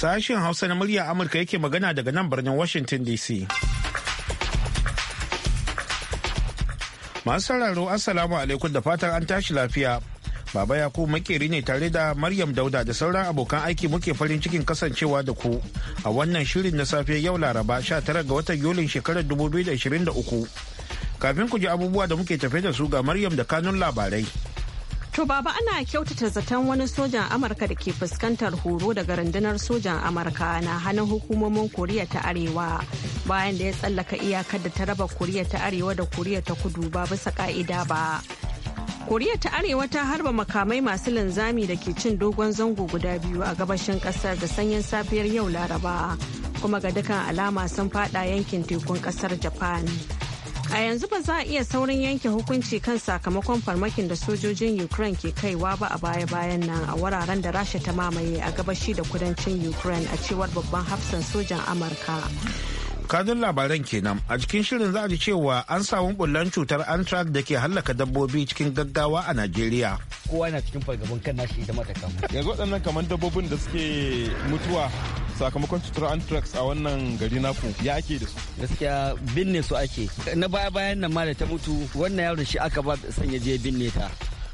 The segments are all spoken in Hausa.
Sashen Hausa na murya Amurka yake magana daga nan birnin Washington DC. Masu sauraro Assalamu alaikum da fatan an tashi lafiya. Baba Yakubu makeri ne tare da Maryam Dauda da sauran abokan aiki muke farin cikin kasancewa da ku a wannan shirin na safe yau Laraba 19 ga watan Yulin shekarar 2023. Kafin ku ji abubuwa da muke tafe da su ga Maryam da kanun labarai. To baba ana kyautata zaton wani sojan Amurka da ke fuskantar horo daga rundunar sojan Amurka na hannun hukumomin Koriya ta Arewa bayan da ya tsallaka iyakar da ta raba Koriya ta Arewa da Koriya ta Kudu ba bisa ka'ida ba. Koriya ta Arewa ta harba makamai masu linzami da ke cin dogon zango guda biyu a gabashin kasar da sanyin safiyar yau Laraba kuma ga dukkan alama sun fada yankin tekun kasar Japan. A yanzu ba za a iya saurin yanke hukunci kan sakamakon farmakin da sojojin Ukraine ke kaiwa ba a baya-bayan nan a wuraren da Rasha ta mamaye a gabashi da kudancin Ukraine a cewar babban hafsan sojan Amurka. kanun labaran kenan a cikin shirin za a ji cewa an samu bullan cutar anthrax da ke hallaka dabbobi cikin gaggawa a najeriya kowa yana cikin fargaban kan nashi da mata kama. yanzu waɗannan kamar dabbobin da suke mutuwa sakamakon cutar anthrax a wannan gari naku ya ake da su gaskiya binne su ake na baya bayan nan ma da ta mutu wannan yaron shi aka ba sanya je binne ta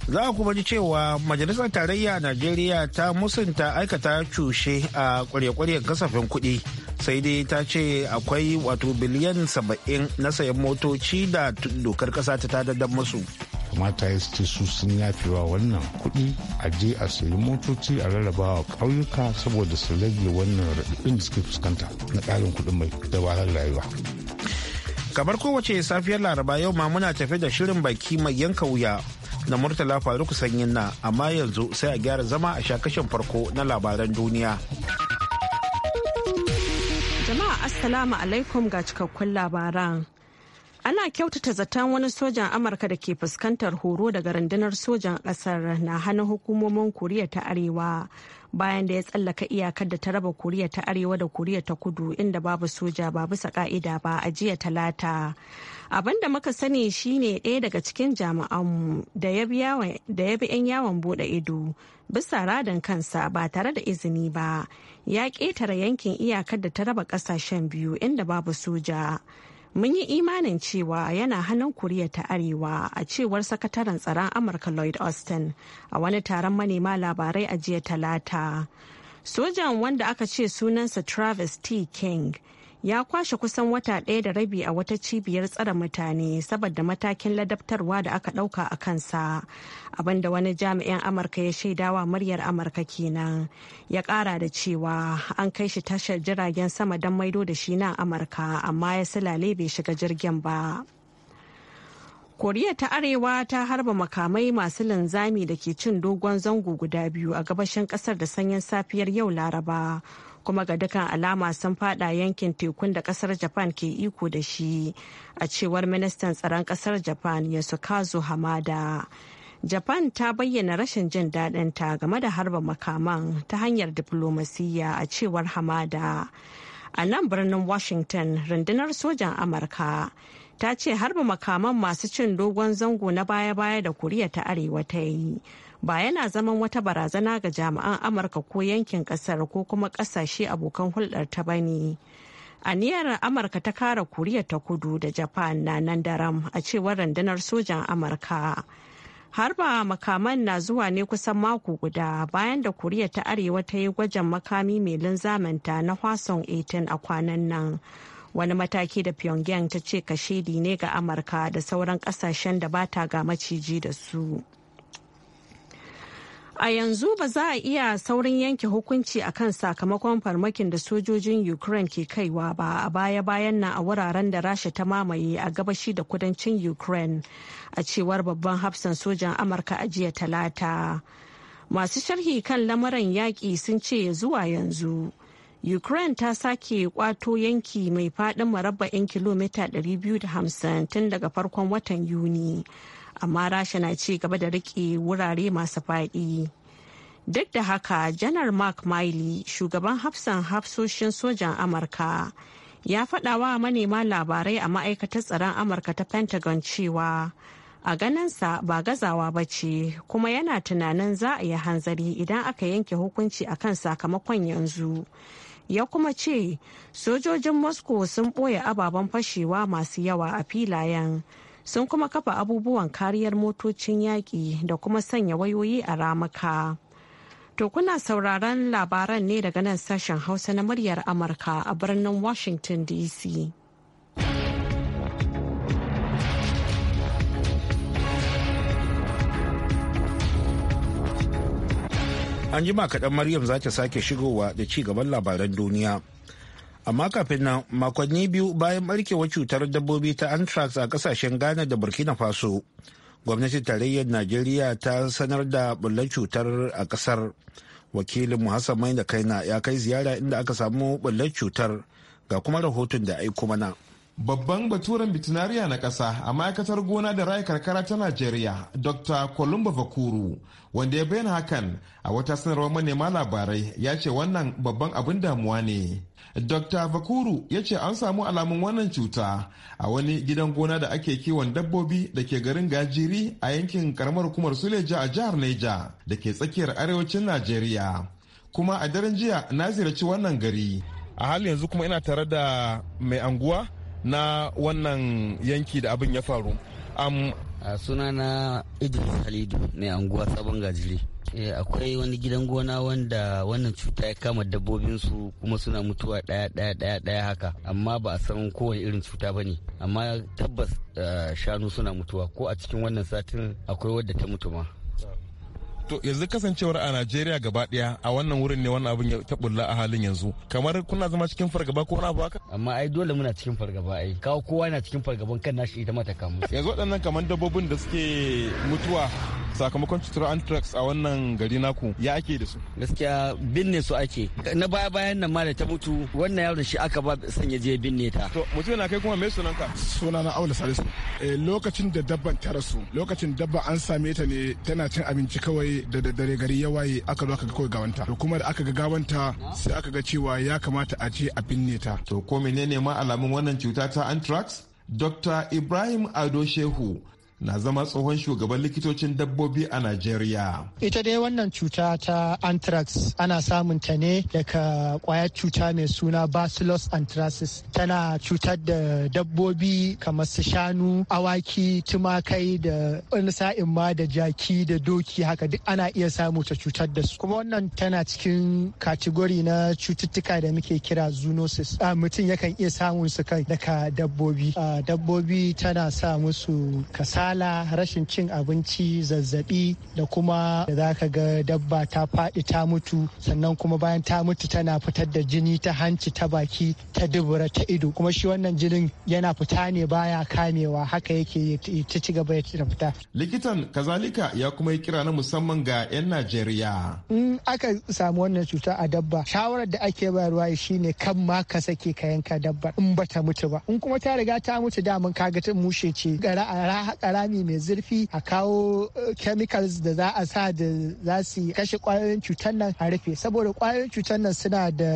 za a kuma ji cewa majalisar tarayya a najeriya ta musunta aikata cushe a kwarye-kwaryen kasafin kuɗi sai dai ta ce akwai wato biliyan saba'in na sayan motoci da dokar ƙasa ta tadaddan musu kamata ya ce su sun wa wannan kuɗi a je a sayi motoci a rarraba wa kauyuka saboda su rage wannan raɗaɗin da suke fuskanta na ƙarin kuɗin mai dabarar rayuwa kamar kowace safiyar laraba yau ma muna tafe da shirin baki mai yanka wuya na Murtala Faruk Sanyin na amma yanzu sai a gyara zama a shakashin farko na labaran duniya. Jama'a Assalamu alaikum ga cikakkun labaran. Ana kyautata zaton wani sojan Amurka da ke fuskantar horo daga rundunar sojan kasar na hannun hukumomin Koriya ta Arewa bayan da ya tsallaka iyakar da ta raba Koriya ta Arewa da Koriya ta Kudu inda babu soja ba bisa ka'ida ba a jiya talata. abin da muka sani shine ɗaya daga cikin jami'anmu da ya bi 'yan yawon buɗe ido bisa radin kansa ba tare da izini ba ya ƙetare yankin iyakar da ta raba ƙasashen biyu inda babu soja mun yi imanin cewa yana hannun kuriya ta arewa a cewar sakataren tsaron amurka lloyd austin a wani taron manema labarai a jiya talata sojan wanda aka ce sunansa travis t king ya kwashe kusan wata ɗaya da rabi a wata cibiyar tsare mutane saboda matakin ladabtarwa da aka ɗauka a kansa abinda wani jami'in amurka ya shaidawa muryar amurka kenan ya ƙara da cewa an kai shi tashar jiragen sama don maido da shi nan amurka amma ya silale bai shiga jirgin ba koriya ta arewa ta harba makamai masu linzami da ke cin dogon zango guda biyu a gabashin kasar da sanyin safiyar yau laraba kuma ga dukkan alama sun fada yankin tekun da kasar japan ke iko da shi a cewar ministan tsaron kasar japan yasukazu hamada japan ta bayyana rashin jin dadinta game da harba makaman ta hanyar diflomasiyya a cewar hamada a nan birnin washington rundunar sojan amurka ta ce harba makaman masu cin dogon zango na baya-baya da kuriya ta arewa ta yi ba yana zaman wata barazana ga jami'an amurka ko yankin kasar ko kuma kasashe abokan hulɗar ta bane a aniyar amurka ta kara Kuriya ta kudu da japan na nan daram a cewar rundunar sojan amurka harba makaman na zuwa ne kusan mako guda bayan da Kuriya ta arewa ta yi gwajin makami mai linzamanta na hwason 18 a kwanan nan wani mataki da pyongyang ta ce kashedi ne ga amurka da sauran kasashen da bata ga maciji da su A yanzu ba za a iya saurin yanke hukunci a kan sakamakon farmakin da sojojin Ukraine ke kaiwa ba a baya-bayan na a wuraren da Rasha ta mamaye a gabashi da kudancin Ukraine a cewar babban hafsan sojan Amurka a jiya talata. Masu sharhi kan lamarin yaƙi sun ce zuwa yanzu. Ukraine ta sake kwato yanki mai faɗin marabba'in kilomita 250 tun daga farkon watan Yuni. amma rasha na ci gaba da riƙe wurare masu faɗi duk da haka janar mark miley shugaban hafsan hafsoshin sojan amurka ya faɗawa manema labarai a ma'aikatar tsaron amurka ta pentagon cewa a ganinsa ba gazawa ba ce kuma yana tunanin za a yi hanzari idan aka yanke hukunci akan sakamakon yanzu ya kuma ce sojojin moscow sun ɓoye ababen fashewa masu yawa a filayen sun kuma kafa abubuwan kariyar motocin yaƙi da kuma sanya wayoyi a ramuka. To kuna sauraron labaran ne daga nan sashen Hausa na muryar Amurka a birnin Washington DC. An jima kaɗan Maryam za ta sake shigowa da ci gaban labaran duniya. amma kafin nan makonni biyu bayan barkewar cutar dabbobi ta anthrax a kasashen ghana da burkina faso gwamnatin tarayyar najeriya ta sanar da bullar cutar a kasar wakilin hassan mai da kaina ya kai ziyara inda aka samu bullar cutar ga kuma rahoton da aiko mana Babban baturen bitinariya na ƙasa a ma'aikatar gona da raya karkara ta Najeriya, Dr. Kolumba Vakuru, wanda ya bayyana hakan a wata sanarwar manema labarai ya ce wannan babban abin damuwa ne. dr bakuru ya ce an samu alamun wannan cuta a wani gidan gona da ake kiwon dabbobi da ke garin gajiri a yankin karamar hukumar suleja a jihar neja da ke tsakiyar arewacin najeriya kuma a daren jiya na ziyarci wannan gari a halin yanzu kuma ina tare da mai anguwa na wannan yanki da abin ya faru a suna na idris halidu ne anguwa sabon gajiri eh, akwai wani gidan gona wanda wannan cuta ya kama dabbobinsu kuma suna mutuwa daya daya daya daya haka amma ba a san kowane irin cuta ba ne amma tabbas eh, shanu suna mutuwa ko a cikin wannan satin akwai wadda ta mutu ma To yanzu kasancewar a Najeriya gaba daya a wannan wurin ne wannan abin ya taɓulla a halin yanzu. Kamar kuna zama cikin fargaba ko wani abu haka? Amma ai dole muna cikin fargaba ai. Kawo kowa na cikin fargaban kan nashi ita mata kamu. Yanzu waɗannan kamar dabbobin da suke mutuwa sakamakon cutar anthrax a wannan gari naku ya ake da su. Gaskiya binne su ake. Na baya bayan nan ma da ta mutu wannan yaron shi aka ba sanya je binne ta. To mutum na kai kuma me sunanka? na Aula Salisu. Eh, lokacin da dabban ta rasu lokacin dabba an same ta ne tana cin abinci kawai da dare gari ya waye aka zo aka ga kawai gawanta to kuma da aka ga gawanta sai aka ga cewa ya kamata a je a binne ta to ko menene ma alamun wannan cuta ta anthrax dr ibrahim ado shehu na zama tsohon shugaban likitocin dabbobi a Najeriya. Ita dai wannan cuta ta anthrax ana samun ta ne daga kwayar cuta mai suna Bacillus anthracis tana cutar da dabbobi kamar su shanu, awaki, tumakai da wani sa'in ma da jaki da doki haka duk ana iya samu ta cutar da su. Kuma wannan tana cikin kategori na cututtuka da muke kira zoonosis. Ah, mutum yakan iya samun su kai daga dabbobi. Ah, dabbobi tana sa musu kasa kasala rashin cin abinci zazzabi da kuma da za ka ga dabba ta faɗi ta mutu sannan kuma bayan ta mutu tana fitar da jini ta hanci ta baki ta dubura ta ido kuma shi wannan jinin yana fita ne baya kamewa haka yake ta ci gaba da fita likitan kazalika ya kuma yi kira na musamman ga 'yan najeriya in aka samu wannan cuta a dabba shawarar da ake bayarwa shine kan ma ka sake ka yanka dabba in bata mutu ba in kuma ta riga ta mutu daman kaga ta mushe ce rami mai zurfi a kawo eh, chemicals da za a sa da za su kashe kwayoyin cutar nan a rufe saboda kwayoyin cutar nan suna da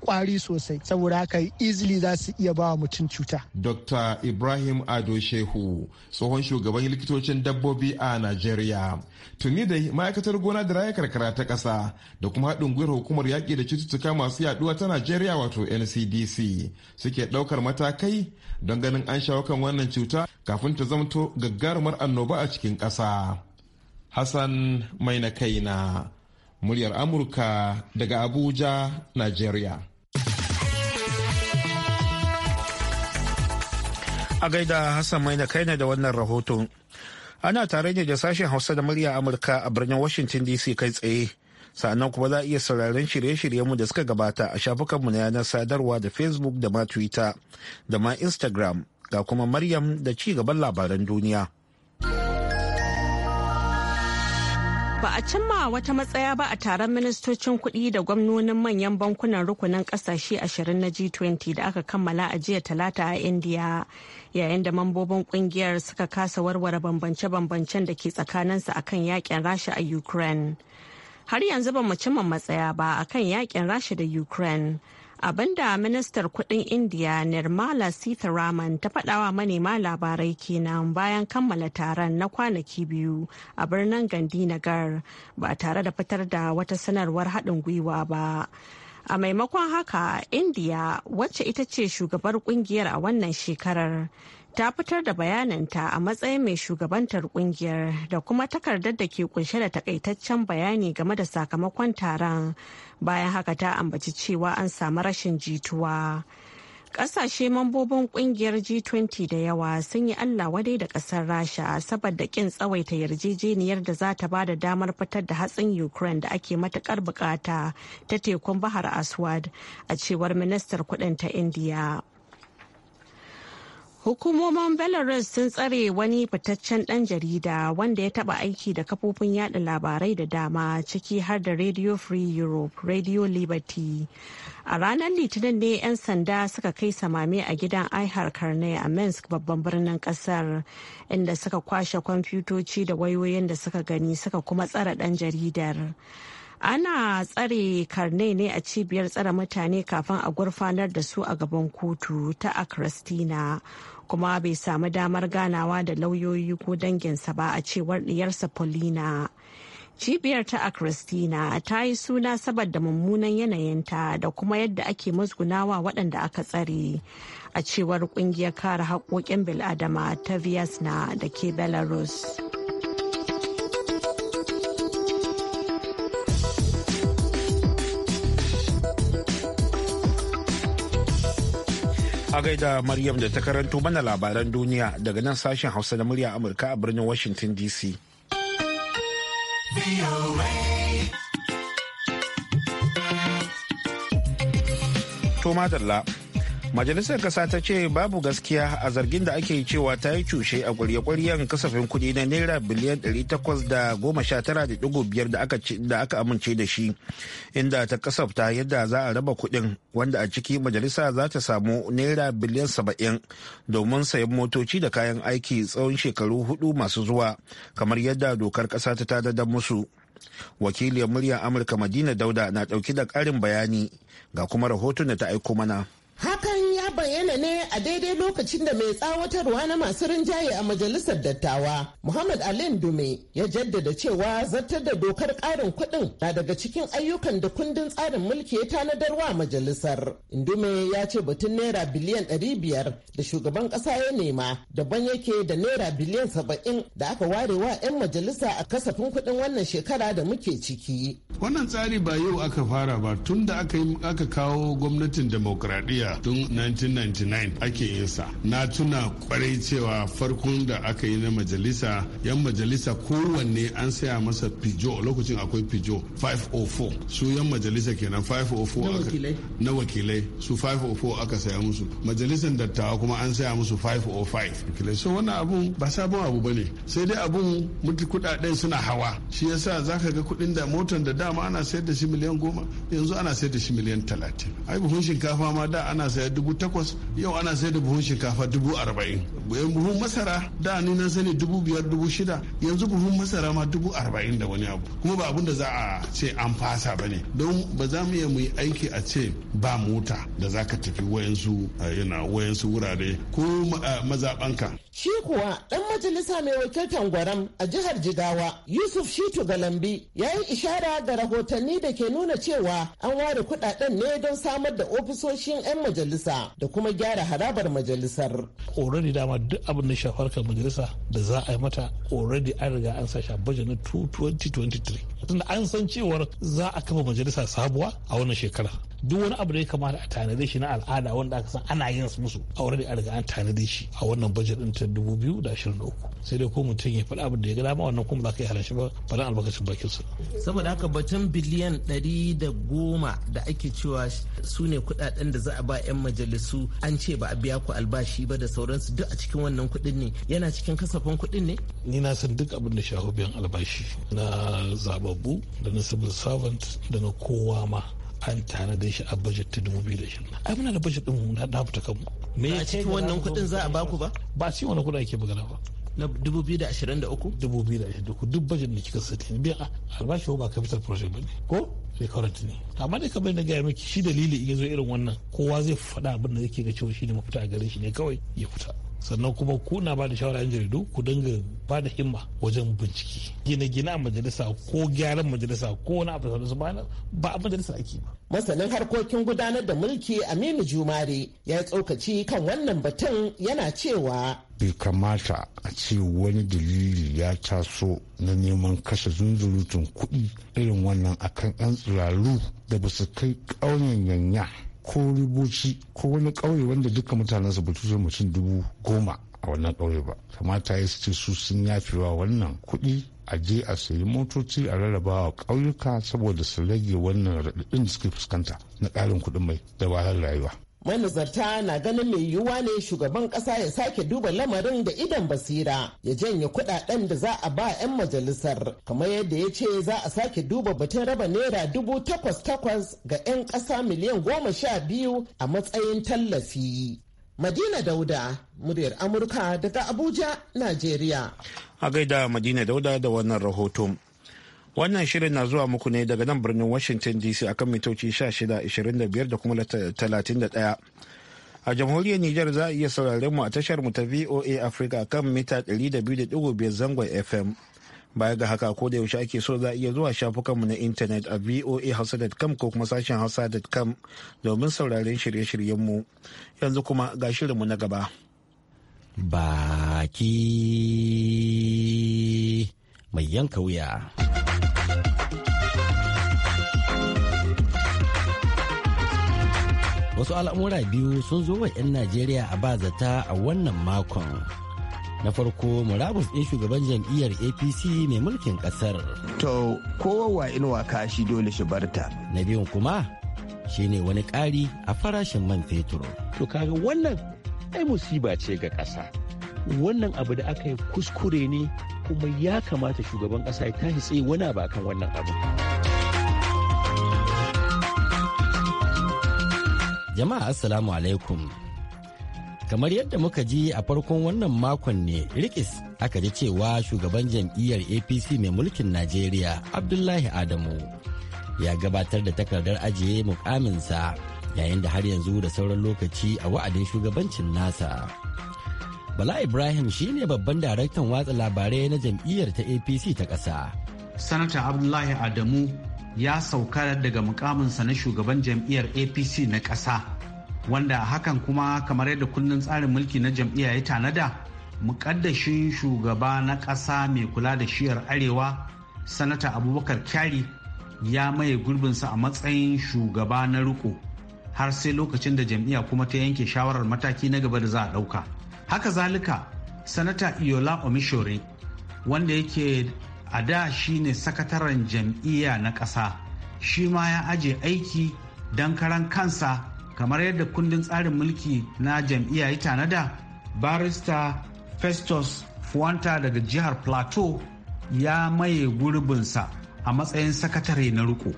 kwari sosai saboda haka easily za su iya ba mutum cuta. Dr. Ibrahim Ado Shehu tsohon shugaban likitocin dabbobi a Najeriya. Tuni da ma'aikatar gona da raya karkara ta ƙasa da kuma haɗin gwiwar hukumar yaƙi da cututtuka masu yaɗuwa ta Najeriya wato NCDC suke ɗaukar matakai don ganin an shawo kan wannan cuta kafin ta zamto gaggarumar annoba a cikin ƙasa. Hassan mai na na muryar Amurka daga Abuja, Nigeria. A gaida Hassan mai na kai na da wannan rahoton. Ana tare ne da sashen Hausa da muryar Amurka a birnin Washington DC kai tsaye. sannan kuma za a iya sauraron shirye-shiryenmu da suka gabata a shafukanmu na yanar sadarwa da facebook da ma twitter da ma instagram ga kuma Maryam da ci gaban labaran duniya. Ba a cimma wata matsaya ba a taron ministocin kuɗi da gwamnonin manyan bankunan rukunin ƙasashe 20 na G20 da aka kammala a jiya talata a India yayin da mambobin ƙungiyar suka kasa warware bambance-bambancen da ke tsakaninsu akan yakin Rasha a Ukraine. Har yanzu ba mu cimma matsaya ba akan yakin Rasha da Ukraine. abinda ministar kudin indiya nirmala sitharaman ta faɗawa manema labarai kenan bayan kammala taron na kwanaki biyu a birnin Gandinagar, ba tare da fitar da wata sanarwar haɗin gwiwa ba a maimakon haka indiya wacce ita ce shugabar kungiyar a wannan shekarar ta fitar da bayaninta a matsayin mai shugabantar kungiyar da kuma takardar da ke kunshe da takaitaccen bayani game da sakamakon taron bayan haka ta ambaci cewa an samu rashin jituwa kasashe mambobin kungiyar g20 da yawa sun yi allah wadai da kasar rasha saboda kin tsawaita yarjejeniyar da za ta bada damar fitar da hatsin ukraine da ake matukar bukata ta tekun bahar aswad a cewar ministar kudin ta indiya Hukumomin Belarus sun tsare wani fitaccen ɗan jarida wanda ya taɓa aiki da kafofin yada labarai da dama ciki har da Radio Free Europe, Radio Liberty. A ranar Litinin ne 'yan sanda suka kai samame a gidan Ihar Karne a Minsk babban birnin ƙasar inda suka kwashe kwamfutoci da wayoyin da suka gani suka kuma tsare ɗan jaridar. ana tsare karne ne a cibiyar tsare mutane kafin a gurfanar da su a gaban kotu ta a kristina kuma bai samu damar ganawa da lauyoyi ko danginsa ba a cewar diyarsa paulina cibiyar ta a kristina ta yi suna saboda mummunan yanayinta da kuma yadda ake musgunawa waɗanda aka tsare a cewar ƙungiyar kare haƙoƙin bil'adama ta vietnam da ke belarus a gaida Maryam da ta karanto mana labaran duniya daga nan sashen Hausa da murya Amurka a birnin Washington DC. To madalla majalisar kasa ta ce babu gaskiya a zargin da ake cewa ta yi cushe a kwarye-kwaryen kasafin kuɗi na naira biliyan 819.5 da aka amince da shi inda ta kasafta yadda za a raba kuɗin wanda a ciki majalisa za ta samu naira biliyan 70 domin sayan motoci da kayan aiki tsawon shekaru hudu masu zuwa kamar yadda dokar ƙasa ta tadadar musu. wakiliyar muryar amurka madina dauda na dauki da karin bayani ga kuma rahoton da ta aiko mana Hakan ya bayyana ne a daidai lokacin da mai tsawatarwa na masu rinjaye a majalisar dattawa Muhammad ali Dume ya jaddada cewa zartar da dokar karin kudin na daga cikin ayyukan da kundin tsarin mulki ya tanadar wa majalisar. Indume ya ce batun naira biliyan ɗari biyar da shugaban ƙasa ya nema daban yake da naira biliyan saba'in da aka ware wa 'yan majalisa a kasafin kudin wannan shekara da muke ciki. Wannan tsari ba yau aka fara ba tun da aka kawo gwamnatin demokradiyya tun 1999 ake yin sa na tuna kwarai cewa farkon da aka yi na majalisa yan majalisa kowanne an saya masa pijo lokacin akwai pijo 504 su yan majalisa kenan 504 na wakilai su 504 aka saya musu majalisan dattawa kuma an saya musu 505 so wannan abun ba sabon abu ba ne sai dai abun mutu kudaden suna hawa shi yasa za ka ga kudin da motar da dama ana sayar da shi miliyan goma yanzu ana sayar da shi miliyan talatin ai buhun shinkafa ma da ana sayar dubu takwas yau ana sai da buhun shinkafa dubu arba'in buhun masara da ni na sani dubu biyar dubu shida yanzu buhun masara ma dubu arba'in da wani abu kuma ba abun da za a ce an fasa ba ne don ba za mu iya mu yi aiki a ce ba mota da za ka tafi wayansu wurare ko mazaɓanka Shi kuwa ɗan majalisa mai wakiltar gwaram a jihar Jigawa Yusuf Shitu Galambi ya yi ishara ga rahotanni da ke nuna cewa an ware kudaden ne don samar da ofisoshin 'yan majalisa da kuma gyara harabar majalisar. Already dama duk abin da shafar kan majalisa da za a yi mata already an riga an sasha a 2023. Tunda an san cewar za a kafa majalisa sabuwa a wannan shekara. duk wani abu da ya kamata a tanade shi na al'ada wanda aka san ana yin musu a wurin da an riga an tanade shi a wannan bajet din ta 2023 sai dai ko mutum ya faɗi abin da ya ga dama wannan kuma ba ka yi halarci ba faɗin albarkacin bakin su saboda haka batun biliyan 110 da ake cewa su ne kuɗaɗen da za a ba 'yan majalisu an ce ba a biya ku albashi ba da sauransu duk a cikin wannan kuɗin ne yana cikin kasafin kuɗin ne ni na san duk abin da shafi biyan albashi na zababbu da na civil servant da na kowa ma an da shi a budget ta dubu biyu da shi ai muna da budget din na da ta kanmu me ya cikin wannan kudin za a baku ba ba shi wannan kudin ake magana ba na 2023 2023 duk budget da kika sani biya albashi ba capital project bane ko recurrent ne amma dai kamar na gaya miki shi dalili in ya zo irin wannan kowa zai faɗa abin da yake ga cewa shi ne mafita a gare shi ne kawai ya fita sannan kuma ku na ba da shawara yan jaridu ku dinga ba da himma wajen bincike gine-gine a majalisa ko gyaran majalisa ko wani abu da su ba a majalisa ake ba. masanin harkokin gudanar da mulki aminu jumare ya tsokaci kan wannan batun yana cewa bai kamata a ce wani dalili ya taso na neman kashe zunzurutun kuɗi irin wannan akan 'yan tsiraru da ba su kai ƙauyen yanya ko rubuci ko wani ƙauye wanda duka su ba su mutum dubu goma a wannan ƙauye ba kamata ya ce su sun yafewa wannan kuɗi a je a sayi motoci a rarraba wa ƙauyuka saboda su rage wannan raɗaɗin da suke fuskanta na ƙarin kuɗin mai da rayuwa manazarta na ganin mai yiwuwa ne shugaban kasa ya sake duba lamarin da idan basira ya janye kudaden da za a ba 'yan majalisar kamar yadda ya ce za a sake duba batun raba naira dubu takwas takwas ga 'yan kasa miliyan goma sha biyu a matsayin tallafi madina dauda muryar amurka daga abuja nigeria. a gaida madina dauda da wannan rahoton Wannan shirin na zuwa muku ne daga nan birnin Washington DC akan mitoci 1625 da kuma 31. a jamhuriyar Nijar za a iya sauraren mu a tashar mu ta VOA Africa kan mita 200.5 zangon FM. Baya ga haka ko da yaushe ake so za a iya zuwa shafukan mu na intanet a voahausa.com ko kuma sashen hausa.com domin sauraren shirye-shiryen mu. Yanzu kuma ga shirin mu na gaba. Baki mai yanka wuya. Wasu al'amura biyu sun zo wa 'yan Najeriya a bazata a wannan makon. na farko murabus ɗin shugaban jam'iyyar apc mai mulkin ƙasar. to kowa inuwa kashi dole shi barta na biyun kuma shi ne wani ƙari a farashin man fetur to kaga wannan ai musiba ce ga ƙasa wannan abu da aka yi kuskure ne kuma ya kamata shugaban ƙasa ya tashi tsaye wani ba kan wannan abu. Jama'a Assalamu alaikum. Kamar yadda muka ji a farkon wannan makon ne rikis aka ji cewa shugaban jam'iyyar APC mai mulkin Najeriya Abdullahi Adamu ya gabatar da takardar ajiye mukaminsa yayin da har yanzu da sauran lokaci a wa'adin shugabancin nasa. Bala Ibrahim shine babban daraktan watsa labarai na jam'iyyar ta APC ta ƙasa. Sanata Abdullahi Adamu ya sauka daga mukaminsa na shugaban jam'iyyar APC na ƙasa wanda hakan kuma kamar yadda kundin tsarin mulki na jam'iyya ya tanada mukaddashin shugaba na ƙasa mai kula da shiyar arewa sanata abubakar kyari ya maye gurbinsa a matsayin shugaba na riko har sai lokacin da jam'iyya kuma ta yanke shawarar mataki na gaba da za a ɗauka. haka zalika sanata iola omishore wanda yake a da shine sakataren jam'iyya na ƙasa shi ma ya aje aiki don karan kansa kamar yadda kundin tsarin mulki na jam'iyya ya tanada barista festus fuwanta daga jihar plateau ya maye gurbinsa a matsayin sakatare na riko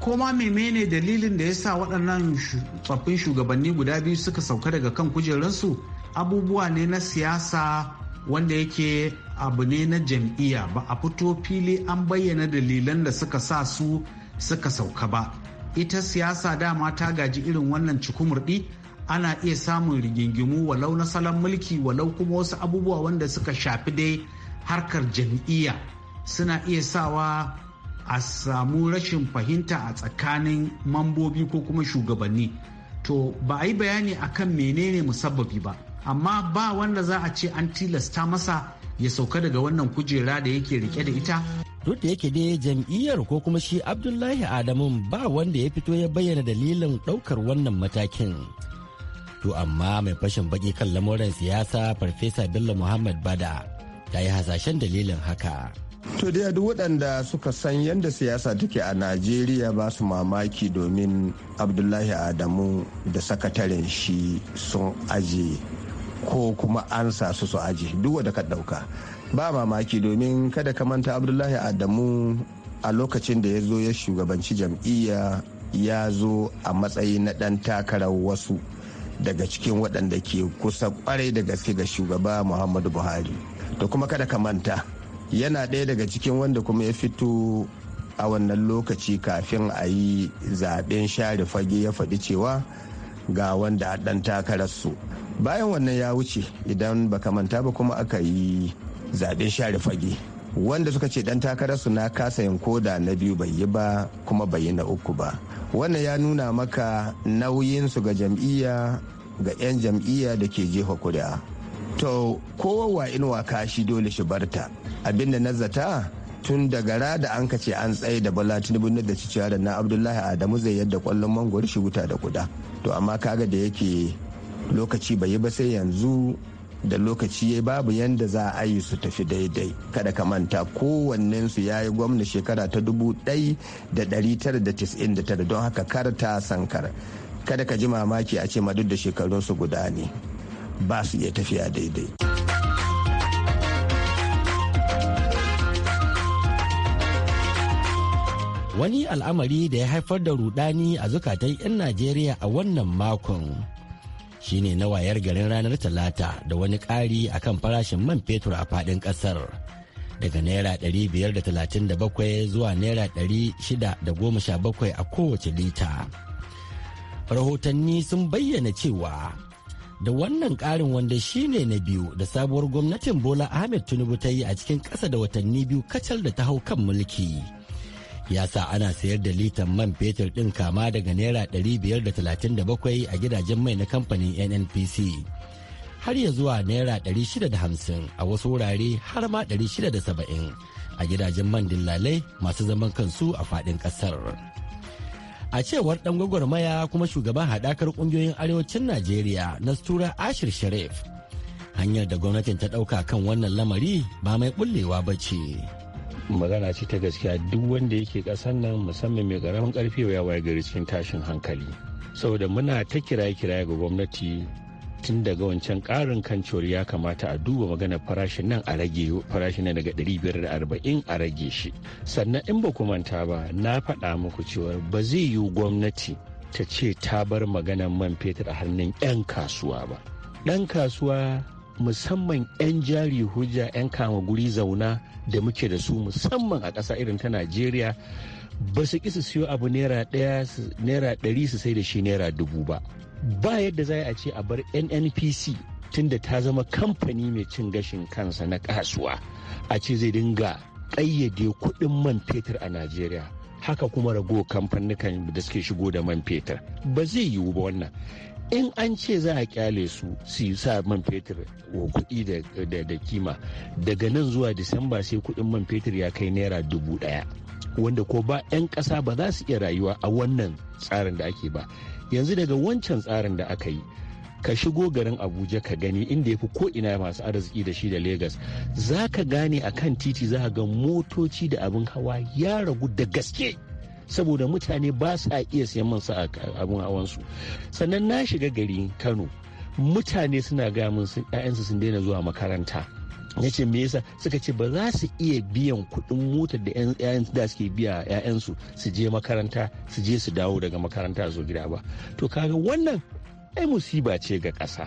koma menene dalilin da ya sa waɗannan tsoffin shugabanni guda biyu suka sauka daga kan kujerunsu abubuwa ne na siyasa wanda yake abu ne na jam'iyya ba a fito fili an bayyana dalilan da suka sa su suka sauka ba ita siyasa dama ta gaji irin wannan ɗi ana iya samun rigingimu walau na salon mulki walau kuma wasu abubuwa wanda suka shafi dai harkar jam'iyya suna iya sawa a samu rashin fahimta a tsakanin mambobi ko kuma shugabanni to ba a yi bayani akan menene musabbabi ba amma ba wanda za a ce an tilasta masa ya sauka daga wannan kujera da yake rike da ita duk da yake dai jam'iyyar ko kuma shi abdullahi adamu ba wanda ya fito ya bayyana dalilin ɗaukar wannan matakin to amma mai fashin baki kan lamuran siyasa farfesa bello muhammad bada ta yi hasashen dalilin haka to dai duk waɗanda suka san yadda siyasa take a najeriya ba su mamaki domin abdullahi adamu da sakataren shi sun aje ko kuma an sa su su aji duk wanda ka dauka ba mamaki domin kada ka manta abdullahi adamu a lokacin da ya zo ya shugabanci jam'iyya ya zo a matsayi na dan takarar wasu daga cikin waɗanda ke kusa kwarai da gaske ga shugaba muhammadu buhari da kuma kada ka manta yana ɗaya daga cikin wanda kuma ya fito a wannan lokaci kafin a yi zaben share fage ya faɗi cewa ga wanda a ɗan takararsu bayan wannan ya wuce idan baka manta ba kuma aka yi zaɓen share fage wanda suka ce dan takararsu na kasa yin koda na biyu bai yi ba kuma bai yi na uku ba wannan ya nuna maka nauyinsu ga jam'iyya ga 'yan jam'iyya da ke jefa kuri'a to kowa inuwa kashi dole shi barta abinda na zata tun daga da an ka ce an tsaye da bala tinubu na da ciciya da na abdullahi adamu zai yadda kwallon mangoro shi wuta da kuda to amma kaga da yake lokaci bai yi ba sai yanzu da lokaci ya babu yadda za a yi su tafi daidai kada ka manta kowannen su ya yi gwamna shekara ta da da tara don haka karta sankar kada ka ji mamaki a ce ma duk da su guda ne ba su iya tafiya daidai wani al'amari da ya haifar da rudani a zukatan 'yan najeriya a wannan makon shine na wayar garin ranar talata da wani ƙari akan farashin man fetur a faɗin ƙasar daga naira 537 zuwa naira 617 a kowace lita rahotanni sun bayyana cewa da wannan ƙarin wanda shine na biyu da sabuwar gwamnatin bola ahmed tinubu ta yi a cikin ƙasa da watanni biyu kacal da ta hau kan mulki. ya sa ana sayar da litan man fetur ɗin kama daga naira 537 a gidajen mai na kamfanin nnpc har ya zuwa naira 650 a wasu wurare har ma 670 a gidajen man dillalai masu zaman kansu a faɗin ƙasar. a cewar ɗan gwagwarmaya kuma shugaban haɗakar ƙungiyoyin arewacin najeriya na nastura ashir sharif hanyar da gwamnatin ta ɗauka kan wannan lamari ba mai bullewa ba ce. magana ce ta gaskiya duk wanda yake ƙasar nan musamman mai ƙaramin ƙarfi ya waye gari cikin tashin hankali saboda muna ta kiraye-kiraye ga gwamnati tun daga wancan karin kan cewar ya kamata a duba magana farashin nan a rage farashin nan daga 540 a rage shi sannan in ba ku manta ba na faɗa muku cewa ba zai yiwu gwamnati ta ce ta bar maganar man fetur a hannun 'yan kasuwa ba ɗan kasuwa musamman 'yan jari hujja 'yan kama guri zauna da muke da su musamman a ƙasa irin ta najeriya ba su su siyo abu naira ɗari su sai da shi naira dubu ba ba yadda za a ce a bar nnpc tunda ta zama kamfani mai cin gashin kansa na kasuwa a ce zai dinga ƙayyade kuɗin man fetur a najeriya haka kuma rago kamfanin da suke shigo da man fetur ba zai yiwu ba wannan in an ce za a kyale su su yi sa man fetur wa kuɗi da kima daga nan zuwa disamba sai kuɗin man fetur ya kai naira dubu ɗaya wanda ko ba 'yan ƙasa ba za su iya rayuwa a wannan tsarin da ake ba yanzu daga wancan tsarin da aka yi ka shigo garin abuja ka gani inda ya fi ko'ina masu arziki da shi da lagos za ka gane a kan titi za ga motoci da abin hawa ya ragu da gaske saboda mutane ba sa iya sayan man sa abin hawansu sannan na shiga gari kano mutane suna gaya min 'ya'yansu sun daina zuwa makaranta ya ce me yasa suka ce ba za su iya biyan kuɗin mota da 'yan da suke biya 'ya'yansu su je makaranta su je su dawo daga makaranta zo gida ba to kaga wannan ai musiba ce ga ƙasa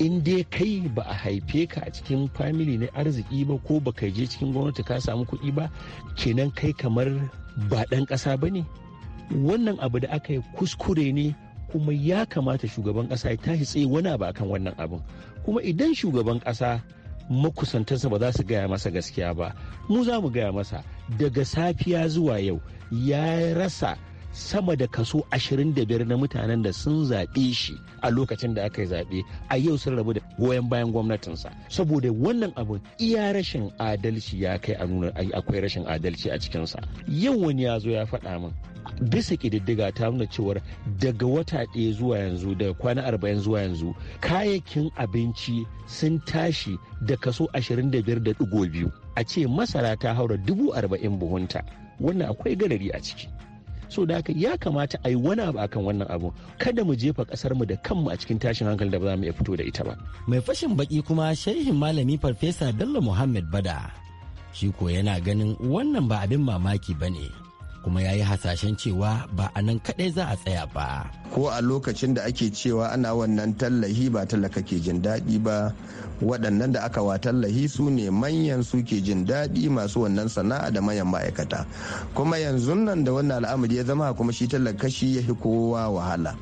in dai kai ba a haife ka a cikin famili na arziki ba ko baka je cikin gwamnati ka samu kuɗi ba kenan kai kamar ba ɗan ƙasa ba ne wannan abu da aka yi kuskure ne kuma ya kamata shugaban ƙasa ya tashi tsaye wani abu akan wannan abin kuma idan shugaban ƙasa makusantansa ba za su gaya masa gaskiya ba mu za mu gaya masa daga safiya zuwa yau ya rasa sama da kaso 25 na mutanen da sun zaɓe shi a lokacin da aka yi zaɓe a yau sun rabu da goyon bayan gwamnatinsa saboda wannan abu iya rashin adalci ya kai a nuna akwai rashin adalci a cikinsa yau wani ya zo ya faɗa min bisa ƙididdiga ta nuna cewar daga wata ɗaya zuwa yanzu daga kwana arba'in zuwa yanzu kayayyakin abinci sun tashi da kaso ashirin da da biyar biyu. a ce masara ta haura dubu arba'in buhunta wannan akwai galari a ciki so da haka ya kamata a yi wani abu akan wannan abu kada mu jefa kasar mu da kanmu a cikin tashin hankali da ba za mu iya fito da ita ba mai fashin baki kuma shehin malami farfesa bello muhammad bada shi ko yana ganin wannan ba abin mamaki bane kuma ya yi hasashen cewa ba a nan kaɗai za a tsaya ba. Ko a lokacin da ake cewa ana wannan tallahi ba talaka ke jin daɗi ba waɗannan da aka wa tallahi su ne manyan su ke jin daɗi masu wannan sana'a da manyan ma'aikata. Kuma yanzu nan da wannan al'amari ya zama kuma shi talaka shi ya fi kowa wahala.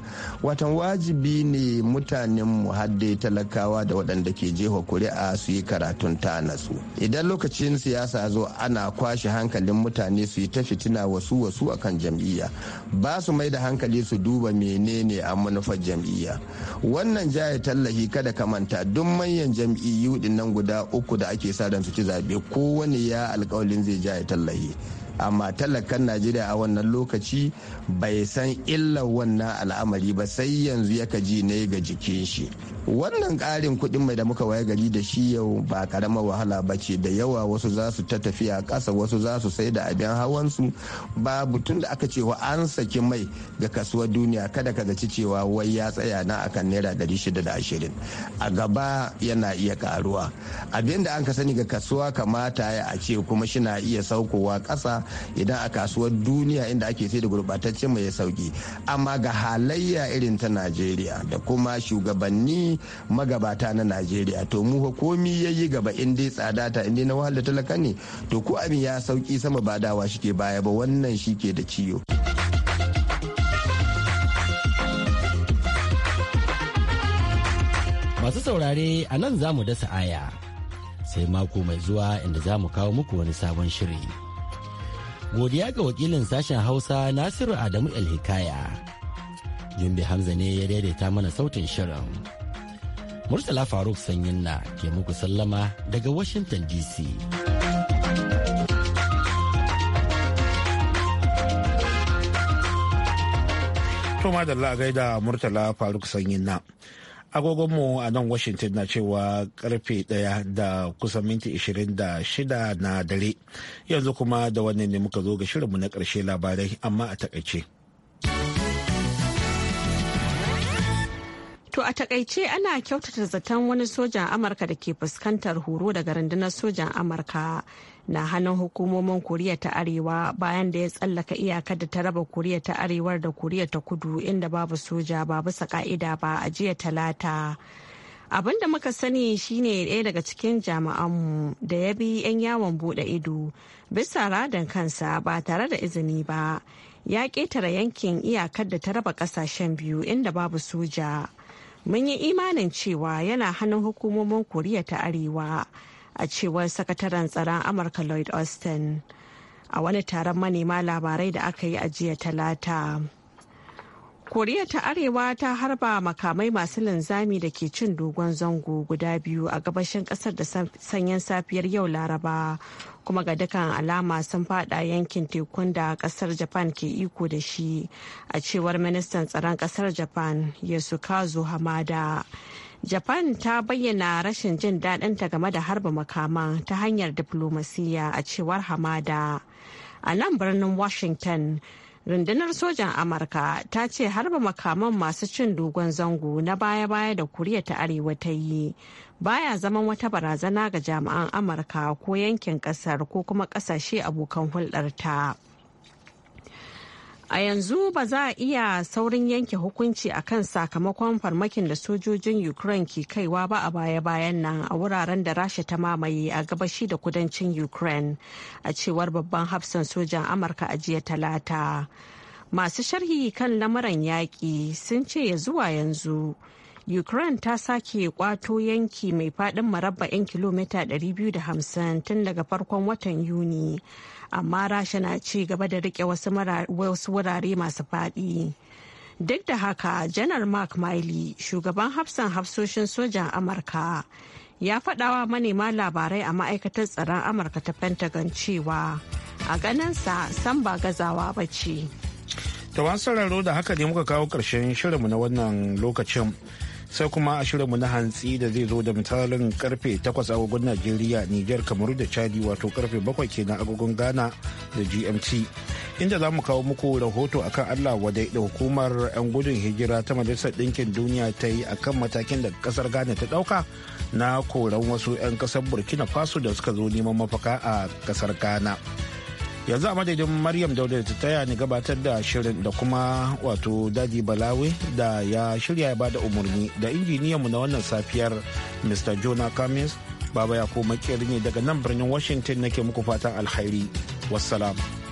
Watan wajibi ne mutanen mu haddai talakawa da waɗanda ke jefa kuri'a su yi karatun ta su Idan lokacin siyasa zo ana kwashe hankalin mutane su yi ta fitina wasu wasu wasu akan jam'iyya ba su mai da hankali su duba menene a manufar jam'iyya wannan jaya tallahi kada ka manta duk manyan jam'iyyu dinnan guda uku da ake sa su ci zaɓe kowane ya alƙawalin zai jaya tallahi amma talakan najeriya a wannan lokaci bai san illar wannan al'amari ba sai yanzu yaka ji ne ga jikin shi wannan karin kudin mai da muka waye gari da shi yau ba karama wahala ba ce da yawa wasu za su ta tafiya kasa wasu za su sai da abin hawansu ba tun da aka ce wa an saki mai ga kasuwar duniya kada ka zaci cewa wai ya tsaya na akan naira 620 a gaba yana iya karuwa abin da an ka sani ga kasuwa kamata ya a ce kuma shina iya saukowa kasa. idan a kasuwar duniya inda ake sai da gurbataccen mai sauki amma ga halayya irin ta najeriya da kuma shugabanni magabata na najeriya to mu komi ya yi gaba in dai tsada ta in na wahala talaka ne to ko abin ya sauki sama ba dawa shi ke baya ba wannan shi ke da ciyo. Masu saurare a nan za mu dasa aya sai mako mai zuwa inda za mu kawo muku wani sabon shiri. godiya ga wakilin sashen hausa nasiru adamu el-hikaya jumbi hamza ne ya daidaita mana sautin shirin murtala faruk sanyin na ke muku sallama daga washington dc to madalla gaida murtala faruk sanyin na agogonmu a nan washington na cewa karfe daya da kusan minti 26 na dare yanzu kuma da wannan ne muka zo ga shirinmu na karshe labarai amma a takaice To a takaice ana kyautata zaton wani sojan Amurka da ke fuskantar horo daga rundunar sojan Amurka na hannun hukumomin koriya ta arewa bayan da ya tsallaka iyaka da ta raba koriya ta arewar da koriya ta kudu inda babu soja ba bisa ka'ida ba a jiya talata abin da muka sani shine ɗaya daga cikin jami'anmu da ya bi 'yan yawon buɗe ido bisa radan kansa ba tare da izini ba ya ƙetare yankin iyakar da ta raba ƙasashen biyu inda babu soja mun yi imanin cewa yana hannun hukumomin koriya ta arewa a cewar sakataren tsaron amurka lloyd austin a wani taron manema labarai da aka yi a jiya talata koriya ta arewa ta harba makamai masu linzami da ke cin dogon zango guda biyu a gabashin kasar da sanyin safiyar yau laraba kuma ga dukkan alama sun fada yankin tekun da kasar japan ke iko da shi a cewar ministan tsaron kasar japan yasukazu hamada Japan ta bayyana rashin jin daɗinta game da harba makama ta hanyar diflomasiyya a cewar Hamada. A nan birnin Washington, rundunar sojan Amurka ta ce harba makaman masu cin dogon zango na baya-baya da kuriya ta Arewa ta yi baya zaman wata barazana ga jami'an Amurka ko yankin kasar ko kuma ƙasashe abokan hulɗarta. A yanzu ba za a iya saurin yanke hukunci a kan sakamakon farmakin da sojojin Ukraine ke kaiwa ba a baya-bayan nan a wuraren da Rasha ta mamaye a gabashi da kudancin Ukraine, a cewar babban hafsan sojan Amurka a jiya talata. Masu sharhi kan lamuran yaƙi sun ce ya zuwa yanzu. Ukraine ta sake kwato yanki mai faɗin marabba'in kilomita 250 tun daga farkon watan Yuni. amma rasha na ci gaba da rike wasu wurare masu faɗi. duk da haka janar mark miley shugaban hafsan hafsoshin sojan amurka ya faɗawa manema labarai a ma'aikatar tsaron amurka ta pentagon cewa a ganinsa san ba gazawa ba ce. da sararo da haka ne muka kawo ƙarshen shirinmu na wannan lokacin sai kuma a shirinmu na hantsi da zai zo da misalin karfe 8 agogon najeriya niger kamaru da chadi wato karfe 7 kenan agogon ghana da gmt inda za mu kawo muku rahoto akan allah wadai da hukumar 'yan gudun hijira ta majalisar ɗinkin duniya ta yi akan matakin da ƙasar ghana ta ɗauka na koran wasu 'yan ƙasar burkina faso da suka zo neman mafaka a ƙasar ghana yanzu a madadin maryam dauda ta taya ni gabatar da shirin da kuma wato dadi balawe da ya shirya ya bada umarni da injiniyanmu na wannan safiyar mr jonah cummins baba ya ko ne daga nan birnin washington nake muku fatan alkhairi wassalam